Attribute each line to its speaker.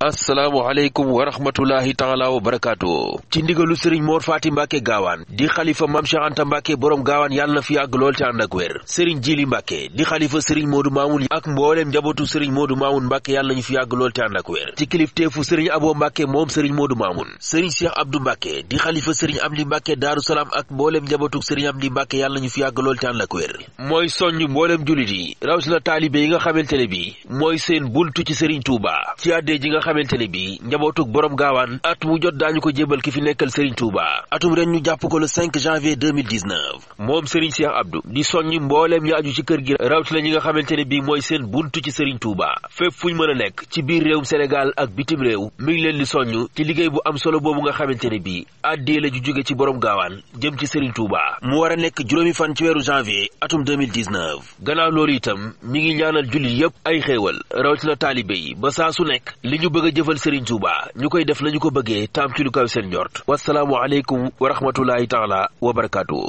Speaker 1: asalaamualeykum wa rahmatullahi taala wa barakaatu ci ndigalu sëriñ moor faati mbàkke gaawaan di xalifa mam cheikh anta mbàkke boroom gaawaan yàlla na fi yàgg lool te ànd ak wér sëriñ jili mbàkke di xalifa sëriñ moodu maamun ak mbooleem njabootu sëriñ moodu maamun mbàkke yàlla ñu fi yàgg lool te ànd ak wér ci kilifteefu sëriñ aboo mbàkke moom sëriñ moodu maamun sëriñ cheikh abdu mbàkke di xalifa sëriñ amdi mbàkke daaru salaam ak mbooleem njabootu sëriñ amdi mbàkke yàlla nañu fi yàgg lool te ànd ak wér mooy soññ mbooleem julit yi yi nga xamante ne bi mooy seen buntu ci sëriñ tuuba ci xamante ne bi njabootug borom gaawaan at wu jot daañu moom Serigne Cheikh Abdou di soññ mbooleem ñu aju ci kër gi rawatina ñi nga xamante ne bi mooy seen buntu ci Serigne Touba fépp fu ñu mën a nekk ci biir réewum Sénégal ak bitim réew mi di soññ ci liggéey bu am solo boobu nga xamante ne bi àddee la ju jóge ci borom gaawaan jëm ci Serigne Touba mu war a nekk juróomi fan ci weeru janvier atum 2019 gannaaw loolu itam mi ngi ñaanal jullit yépp ay xéewal rawatina taalibe yi ba saa su nekk bëgg jëfal Serigne Touba ñu koy def ñu ko bëggee taam ci lu kaw seen njort wasalaamu aleykum wa rahmatulahi taala wa barakaatu.